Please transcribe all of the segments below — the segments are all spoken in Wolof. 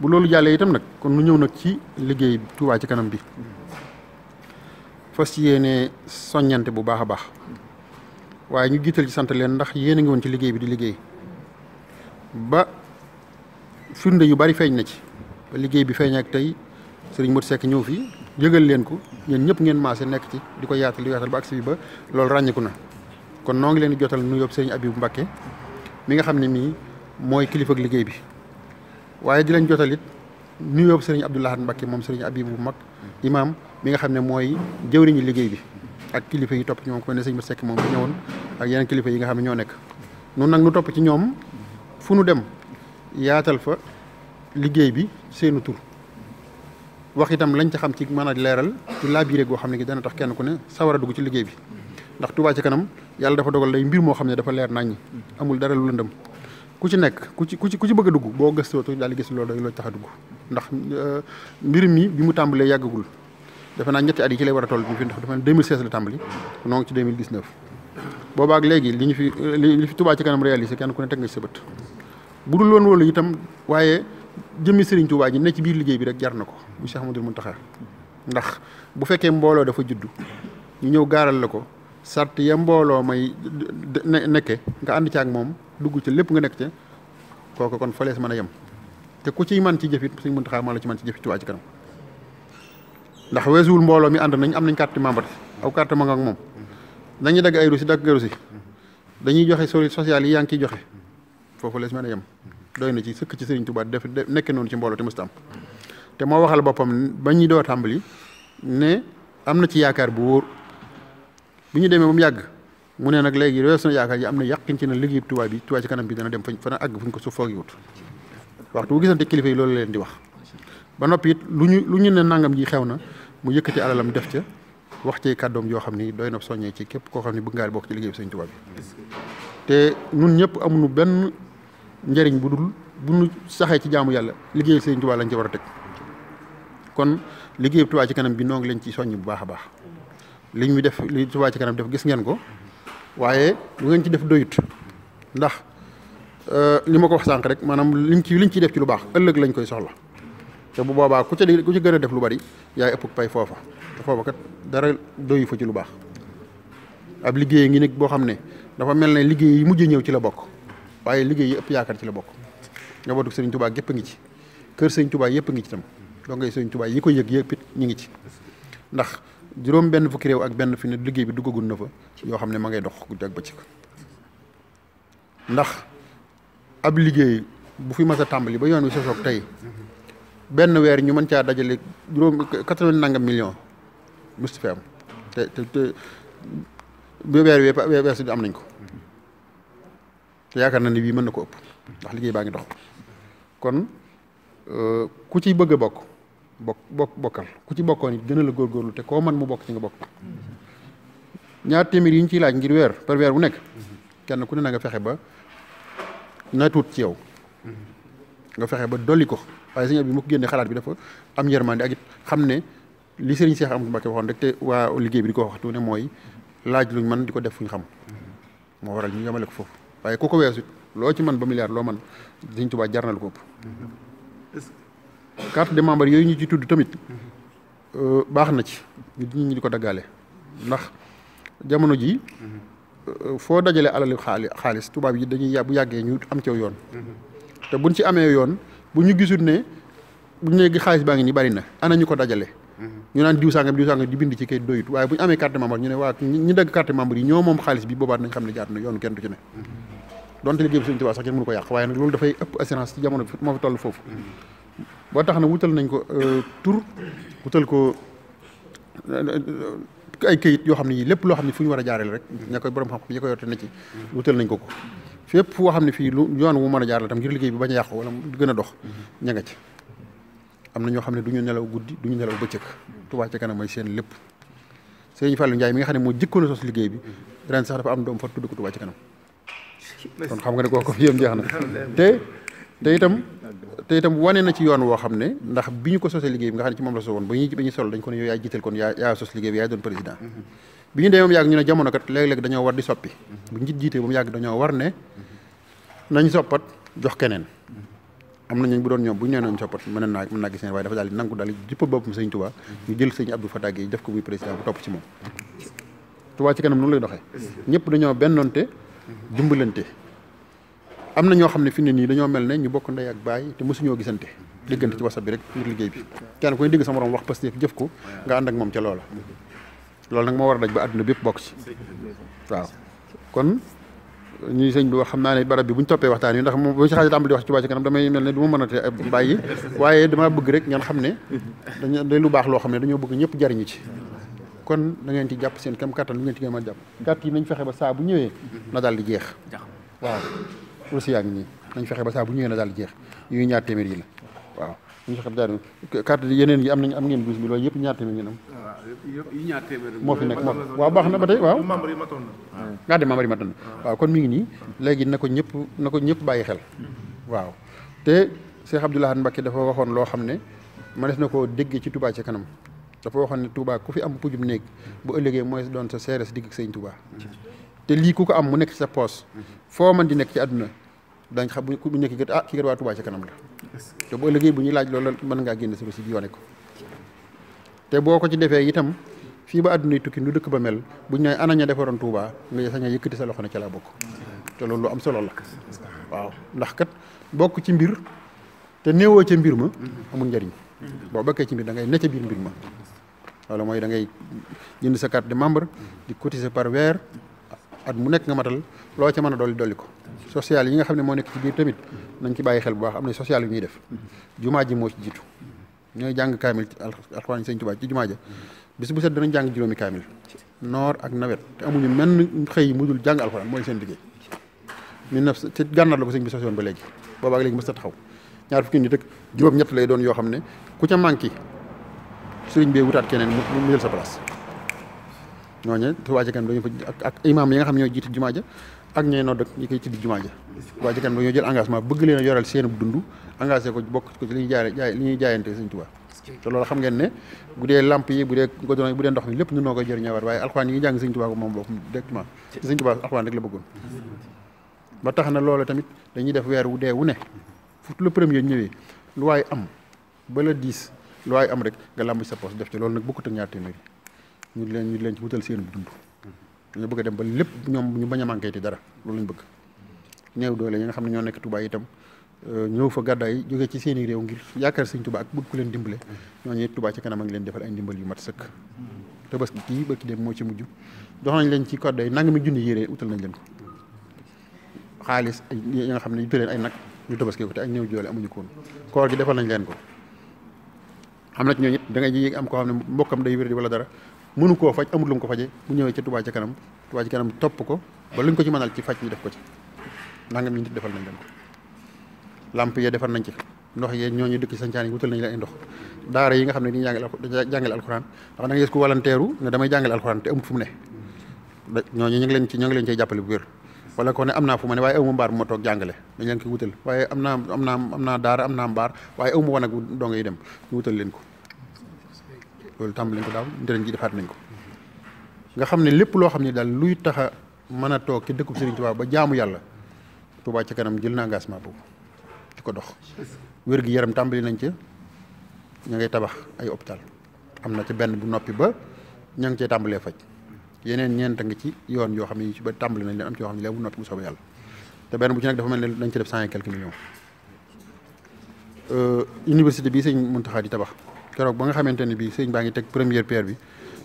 bu loolu jàllee itam nag kon nu ñëw nag ci liggéey Touba ci kanam bi fas yéene soññante bu baax a baax waaye ñu jiital ci sant leen ndax yéen a ngi woon ci liggéey bi di liggéey ba firnde yu bari feeñ na ci ba liggéey bi feeñ ak tey sëriñ Modou Seck ñëw fi yëgal leen ko ñeen ñëpp ngeen maase nekk ci di ko yaatal di yaatal ba agsi bi ba loolu ràññeeku na kon noo ngi leen di jotal nuyoo sëriñ bu Mbacké mi nga xam ne mii mooy kilifa ak liggéey bi waaye di lañ jotal it nuyoo sëriñ Abdou Lahad moom sëriñ Abibu bu mag imaam mi nga xam ne mooy jëwriñu liggéey bi ak kilifa yi topp ci moom ku ne sëñ moom bi ñëwoon ak yeneen kilifa yi nga xam ne ñoo nekk noonu nag nu topp ci ñoom fu nu dem yaatal fa liggéey bi seenu tur wax itam lañ ca xam ci mën a leeral ci laabiré goo xam ne gi dana tax kenn ku ne sawar a dugg ci liggéey bi ndax Touba ci kanam yàlla dafa dogal lay mbir moo xam ne dafa leer naññi amul dara lu ku ci nekk ku ci ku ci ku ci bëgg a dugg boo gëstoo daal di gis loolu dañ loo tax a dugg ndax euh, mbir mi bi mu tàmbalee yàggagul defe naa ñetti at yi ci lay war a tool bi fi ndax dafa ne 2016 la tàmbali noo ngi ci 2019 boobaak ñu fi fi Touba ci kanam réalisé kenn ku teg nga ci sa bu dul woon loolu itam waaye jëmmi Serigne Touba ji ne ci biir liggéey bi rek jar na ko bu Cheikh Amadou Mountakha ndax bu fekkee mbooloo dafa judd ñëw gaaral la ko sart ya mbooloo may nekke nga ànd ci ak moom dugg ci lépp nga nekk ci kooku kon falees mën a yem te ku ciy man ci jëfit suñ mënta xaamal la ci man ci jëfit Touba ci kanam ndax weesuwul mbooloo mi ànd nañ am nañ carte membre aw carte ak moom dañuy dagg ay rusi dagg rusi dañuy joxe solide sociale yi yaa ngi ciy joxe foofu lees mën a yem doy na ci sëkk ci Sëriñ Tuubaa def nekke noonu ci mbooloo te mësta am te moo waxal boppam ba ñuy doo tàmbali ne am na ci yaakaar bu wóor bu ñu demee ba mu yàgg mu ne nag léegi weesu na yaakaar yi am na yàqin ci ne liggéeyub Touba bi Touba ci kanam bi dana dem fañ fana àgg fuñ ko su foogi wut waxtu bu gisante kilifa yi loolu leen di wax ba noppi it lu ñu lu ñu ne nangam ji xew na mu yëkkati alalam def ca wax ci kàddoom yoo xam ni doy na soññee ci képp koo xam ne bëgg ngaa bokk ci liggéey bi sëñ te ñun ñëpp amuñu benn njëriñ bu dul bu saxee ci jaamu yàlla liggéey sëñ Touba lañ war a teg kon liggéey Touba ci kanam bi noo ngi leen ci soññ bu baax a baax liñ mi def li Touba ci kanam def gis ngeen ko waaye lu ngeen ci def doyut ndax euh, li ma ko wax sànq rek maanaam liñ ci liñ ciy def ci lu baax ëllëg lañ koy soxla te bu boobaa ku ci ku ci gën a def lu bari yaay ëpp pay foofa te foofa kat dara doyu fa ci lu baax ab liggéey ngi nag boo xam ne dafa mel ne liggéey yi mujj ñëw ci la bokk waaye liggéey yi ëpp yaakaar ci la bokk njabootu sëriñ Tuubaa gépp a ngi ci kër sëriñ yëpp a ngi ci tam doo ngay sëriñ Tuubaa yi koy yëg yëpp it ñu ngi ci ndax juróom benn fukki réew ak benn fi ne liggéey bi duggagul na fa yoo xam ne ma ngay dox guddi ak bëccëg ndax ab liggéey bu fi mas tàmbali ba yoon wi sosoog tey benn weer ñu mën caa dajale juróom quatre-vingt nangam million musti fi am te te te weer wee weesu am nañ ko te yaakaar na ni bii mën na ko ëpp ndax liggéey baa ngi dox kon euh, ku ci bëgg a bokk bokk bokk bokkal ku ci bokkoon it gën a la góorgóorlu te koo man mu bokk ci nga bokk ñaar téeméer yi ñu ciy laaj ngir weer par weer bu nekk kenn ku ne na nga fexe ba na tuut ci yow nga fexe ba dolli ko waaye sëñ bi mu ko génnee xalaat bi dafa am yërmande ak it xam ne li sëriñ Cheikh Amadou Mbacke waxoon rek te waa liggéey bi di ko waxtu ne mooy laaj luñ man di ko def fuñ xam moo waral ñu yemale ko foofu waaye ku ko weesut loo ci man ba milliard loo man Sëriñ Tuubaa jar na ko carte de membre yooyu ñu ji tudd tamit euh, baax na ci nit ñi di ko daggaale ndax jamono ji euh, foo dajale alali xaali xaalis tubaab yi dañuy bu yàggee ñu am ci yoon te buñ ci yoon bu ñu gisul ne buñ léegi xaalis baa ngi ni bari ana ñu ko dajale ñu naan diw di bind ci kayit doyut waaye bu ñu amee carte membre ñu ne waa ñi dagg carte membre yi ñoo moom xaalis bi boobaat nañ xam ne jaar na yoon kenn du ci ne donte liggéey bi Sëñ Tuubaa sax kenn mënu ko yàq waaye loolu dafay ëpp toll foofu boo tax na wutal nañ ko euh, tur wutal ko euh, ay kayit yoo xam ne yii lépp loo xam ne fu ñu war a jaarale rek ña koy borom xam-xam ña na ci wutal nañ ko ko fépp foo xam ne fii lu yoon wu mën a jaarale tam ngir liggéey bi bañ a yàqu wala gën a dox mhm. ña nga ci am na ñoo xam ne du ñu nelaw guddi du ñu nelaw bëccëg Touba ca kanam mooy seen lépp Serigne Fallou Ndiaye mi nga xam ne moo jëkkoon sos liggéey bi ren sax dafa am doom fa tudd ko Touba ca kanam kon xam nga ko kooku yéem jeex na te te itam te itam wane na ci yoon woo xam ne ndax bi ñu ko sosee liggéey bi nga xam ne ci moom la so woon ba ñuy ba ñuy sol dañ mm-hmm. ñu demee moom yàgg ñu ne jamono kat léeg-léeg dañoo war di soppi mm-hmm. bu njiit jiitee ba mu yàgg dañoo war ne nañ soppat jox keneen mm-hmm. am na ñooñu bu doon ñoom bu ñu nee nañ soppat mën naa mën naa gis seen waaye dafa daal di nangu daal jëpp boppam sëñ Touba ñu jël sëñ Abdou Fatah Guèye def ko muy président bu topp ci moom Touba ci kanam noonu lay doxe ñëpp dañoo bennoonte jumbalante am na ñoo xam ne fi ne nii dañoo mel ne ñu bokk ndey ak baay te mosuñoo gisante diggante ci whatsapp bi rek ngir liggéey nga ànd ak moom ca loola loolu nag moo war a daj ba àdduna bépp bokk ci kon ñuy sëñ bi xam naa ne barab bi bu ñu toppee waxtaan wi ndax moom bu ñu si xaajee tàmbali wax ci Touba ca kanam damay mel ne du ma mën a bàyyi waaye damaa bëgg rek ngeen xam ne dañu day lu baax loo xam ne dañoo bëgg ñëpp jariñu ci kon da ngeen ci jàpp seen kam kattan lu ngeen ci gën a jàpp kàtt yi nañ fexe ba saa bu ñëwee na daal di jeex waaw kursi yaa ngi nii nañ fexe ba saa bu ñëwee na daal jeex yooyu ñaar téeméer yi la waaw ñu fexe ba daal carte yeneen yi am nañ am ngeen douze mille waaye yëpp ñaar téeméer ngeen am moo fi nekk moo waaw baax na ba tey waaw ngaa de membre yi kon mi ngi nii léegi na ko ñëpp na ko ñëpp bàyyi xel waaw te Cheikh Abdou Lahad Mbacké dafa waxoon loo xam ne mënees na koo déggee ci tubaa ca kanam dafa waxoon ne Touba ku fi am pujum néeg bu ëllëgee mooy doon sa seeres digg ak sëñ te lii ku ko am mu nekk ci sa poos foo man di nekk ci àdduna dañ xam bu ñu nekk kii ah kii kat waa Touba ca kanam la te boo ëllëgee bu ñuy laaj loolu mën ngaa génne si yoone ko te boo ko ci defee itam fii ba àdduna yi tukki nu dëkk ba mel bu ñu nee ana ña defaroon Touba nga sañ a yëkkati sa loxo ne ca laa te loolu lu am solo la waaw ndax kat bokk ci mbir te néewoo ca mbir ma amul njariñ boo bokkee ci mbir dangay ngay ne ca biir mbir ma loolu mooy da ngay jënd sa carte de membre di cotiser par weer at mu nekk nga matal loo ca mën a dolli dolli ko social yi nga xam ne moo nekk ci biir tamit nañ ci bàyyi xel bu baax am na social yu ñuy def jumaa ji moo ci jiitu ñooy jàng kaamil ci alxuraan sëñ Tuubaa ci jumaa ja bis bu set danañ jàng juróomi kaamil noor ak nawet te amuñu menn xëy mu dul jàng alxuraan mooy seen liggéey mille neuf ci gànnaar la ko sëñ bi sosoon ba léegi boobaak léegi mës ta taxaw ñaar fukki nit ak juróom ñett lay doon yoo xam ne ku ca manqué sëriñ bee wutaat keneen mu jël sa place ñooñu Tuubaa ca kanam dañu fa ak ak imaam yi nga xam ne ñooy jumaa ja ak ñeenoo nodd ñi koy ci di jumaa ja waa ji kanam dañoo jël engagement bëgg leen a yoral seen dund engagé bokk li ñuy jaayante sëñ Tuubaa ne bu dee lamp yi bu dee waaye alxuraan yi ngi jàng sëñ ko moom boppam directement ba tax na loolu tamit dañuy def weer wu dee wu ne fu le premier ñëwee lu waaye am ba la dix lu waaye am rek nga lamb ci sa poche def ci loolu nag bokkut ak ñaar téeméeri ñu leen ñu leen ci wutal seen dund dañu bëgg a dem ba lépp ñoom ñu bañ a manqué ti dara loolu lañ bëgg néew doole ñi nga xam ne ñoo nekk tubaay Touba tam euh, ñëw fa gàddaay jóge ci seeni réew ngir yaakaar sëñ Touba ak ku leen dimbale ñooñu Touba ci kanam a ngi leen defal ay ndimbal yu mat sëkk tabaski kii bëkki dem moo ci mujj dox nañ leen ci kodday nangami junni yére utal nañ leen ko xaalis yi nga xam ne yu leen ay nag ñu tabaski ko te ak néew doole amuñu ko woon koor defal nañ leen ko xam na ci ñooñu it da ngay am koo xam ne mbokkam day wér di wala dara mënu koo faj amul lu ko faje mu ñëwee ca Touba ca kanam Touba ca kanam topp ko ba luñ ko ci mënal ci faj ñu def ko ci nangam yi nit defal nañ leen ko lamp yee defal nañ ci ndox yee ñooñu dëkk sancaan yi wutal nañ la ay ndox daara yi nga xam ne dañuy jàngal jàngale alxuraan ndax da nga gis ku walanteeru ne damay jàngale alxuraan te amut fu mu ne ñooñu ñu ngi leen ci ñoo ngi cay jàppale bu wér wala ko ne am naa fu ne waaye aw ma mbaar bu toog jàngale dañ leen koy wutal waaye am na am naa am naa daara am naa mbaar waaye aw ma wanag doo ngay dem ñu leen ko loolu tàmbali nañ ko daaw njëriñ defaat nañ ko nga ne lépp loo xam ne daal luy tax a mën a toog ci dëkkub Serigne Touba ba jaamu yàlla Touba ci kanam jël na engagement boobu ci ko dox wér yaram tàmbali nañ ca ña ngay tabax ay hôpital am na ci benn bu noppi ba ña ngi cee tàmbalee faj yeneen ñeent ngi ci yoon yoo xam ne ci ba tàmbali nañ leen am ci yoo xam ne leen bu noppi bu soobee yàlla te benn bu ci nekk dafa mel ne dañ ci def cent et quelques millions euh, université bii sëñ Muntaxa di tabax keroog ba nga xamante ni bii sëñ baa ngi teg première pierre bi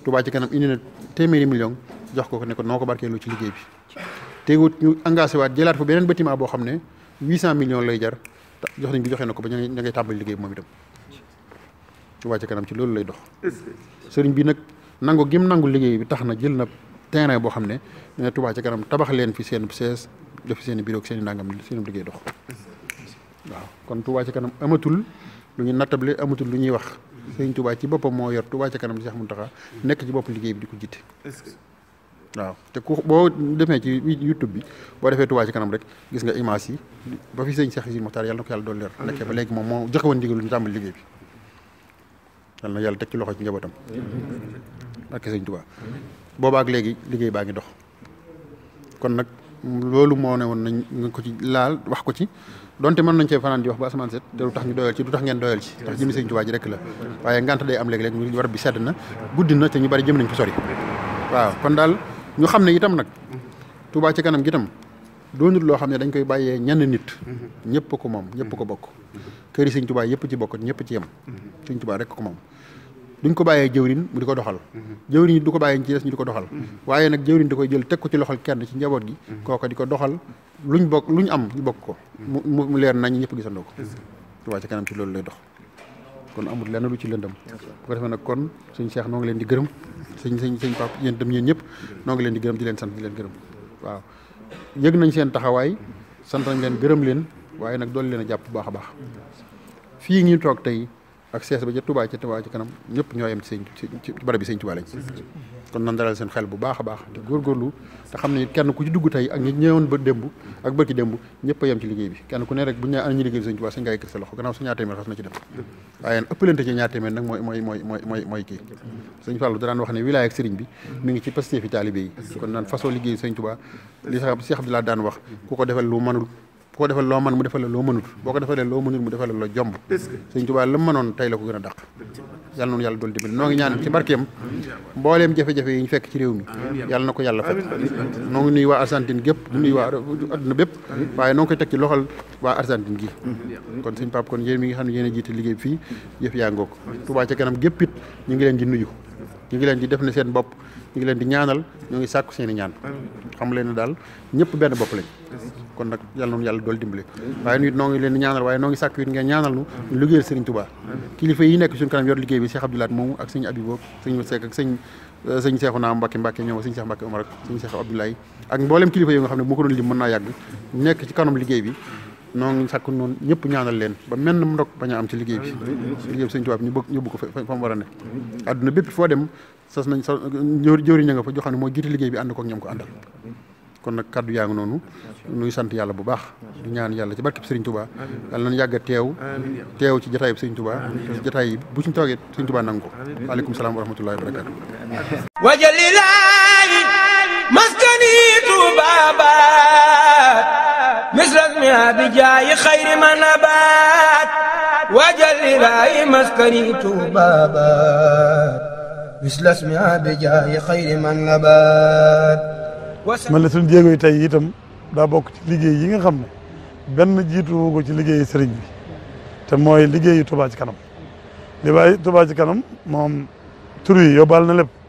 Touba ci kanam indi na téeméeri million jox ko ko ne ko noo ko barkeeloo ci liggéey bi teewut ñu engagé waat jëlaat fa beneen bâtiment boo xam ne 800 millions lay jar jox nañ bi joxe na ko ba ñu ngay tàmbali liggéey bi moom itam Touba ci kanam ci loolu lay dox sëriñ bi nag nangu gim nangu liggéey bi tax na jël na terrain boo xam ne ne Touba ci kanam tabax leen fi seen sees def seen i bureau seen i seen liggéey dox waaw kon Touba amatul lu ñu nattable amatul lu ñuy wax sëñ Touba ci boppam moo yor Touba ca kanam di Cheikh Mountakha nekk ci bopp liggéey bi di ko jiite waaw te ku boo demee ci YouTube bi boo defee Touba ci kanam rek gis nga image yi ba fi sëñ Cheikh yi Mokhtar yàlla na ko yàlla doon leer nekkee ba léegi moom moo joxe woon ndigal ñu tàmbali liggéey bi yàlla na ci loxo ci njabootam ak sëñ Touba boobaak léegi liggéey baa ngi dox kon nag loolu moo ne woon nañ nga ko ci laal wax ko ci donte mën nañ cee fanaan di wax ba asamaan set te du tax ñu doyal ci ngeen doyal ci tax jëmi sëñ Tuubaa ji rek la waaye ngant day am léeg-léeg ñu war bi sedd na guddi na te ñu bari jëm nañ ko sori waaw kon daal ñu xam ne itam nag Tuubaa ci kanam gi itam doonut loo xam ne dañ koy bàyyee ñenn nit ñëpp ko moom ñëpp ko bokk këri sëñ Tuubaa yëpp ci bokk ñëpp ci yem sëñ Tuubaa rekk ko moom duñ ko bàyyee jëwrin mu di ko doxal mhm. jëwrin du ko bàyyee ci ñu di ko doxal mhm. waaye nag jëwrin di koy jël teg ko ci loxol kenn ci njaboot gi mhm. kooka di ko doxal luñ bokk luñ am ñu bokk ko mu leer nañ ñëpp gisandoo ko Touba ca ci loolu lay dox kon amul lenn lu ci lëndam bu ko defee nag kon suñ seex noo leen di gërëm suñ suñ suñ pap yéen itam yéen ñëpp noo leen di gërëm di leen sant di leen gërëm waaw yëg nañ seen taxawaay sant nañ leen gërëm leen waaye nag dool leen a jàpp bu baax a baax fii ñu toog tey ak sees ba ca Touba ca Touba ci kanam ñëpp ñoo yem ci sëñ ci barab bi lañ kon nan dalal seen xel bu baax baax te góorgóorlu te xam ne ku ci dugg tey ak ñëwoon ba démb ak bërki démb ñëpp a yem ci liggéey bi kenn ku ne rek bu ñaar téeméer xas na ci def waaye ëppalante ci ñaar téeméer nag mooy mooy mooy mooy mooy mooy kii daan wax ne wilaay ak sëriñ bi mi ngi ci pastéefi taalibe yi kon naan façon liggéey sëñ Touba li Cheikh Abdoulaye daan wax ku ku ko defal loo mu defal loo mënut boo ko defalee loo mu defal la loo jomb sëñ Tuubaa la mu mënoon ko gën a dàq yàlla noonu yàlla dool dimbali noo ngi ci barkeem mbooleem jafe-jafe yi fekk ci réew mi yàlla na ko yàlla fekk noo ngi nuyu waa Argentine gépp di nuyu waa adduna bépp waaye noo ngi koy teg ci loxol waa Argentine gi kon sëñ Pape kon yéen mi nga xam ne yéen a jiite liggéey fii yëf yaa ngoog Tuubaa ca kanam gépp it ñu ngi leen nuyu ñu ngi leen def ne seen bopp ñu ngi leen di ñaanal ñoo ngi sàkku seen i ñaan xam leen ne daal ñëpp benn bopp lañ kon nag yal noonu yàlla dool dimbali waaye nit ngi leen di ñaanal waaye noo ngi sàkku it ngeen ñaanal nu nekk suñu kanam yor liggéey bi Cheikh Abdoulaat moomu ak sëñ Abibou sëñ Seck ak sëñ sëñ Seexu Naa Mbacke Mbacke ñoom sëñ Cheikh Mbacke Omar ak sëñ ak mboolem kilifa yi nga xam ne moo ko doon lim mën naa yàgg nekk ci kanam liggéey bi noo sakk sàkk noonu ñëpp ñaanal leen ba menn mu ndog bañ am ci liggéey bi liggéey bi sëñ Tuubaa bi ñu bëgg yóbbu ko fa fa mu war bépp foo dem sas nañ sa jëwriñ ña nga fa joo xam moo jiite liggéey bi ànd ko ak ko àndal kon na kàddu yaa ngi noonu nuy sant yàlla bu baax di ñaan yàlla ci barkeb Sëriñ Tuubaa yàlla nañ yàgg a teew ci jataay bi Sëriñ Tuubaa ci bu suñ toogee Sëriñ Tuubaa nangu ko waaleykum salaam wa rahmatullahi wa barakaatu رسمها بجاي خير ما نبات وجل راي مسكني توبابات مثل اسمها بجاي خير ما نبات man la suñu jéego yi tey itam daa bokk ci liggéey yi nga xam ne benn jiitu ko ci liggéeyu sëriñ bi te mooy liggéeyu Touba ci kanam li waaye Touba ci kanam moom tur yi yóbbaal na lépp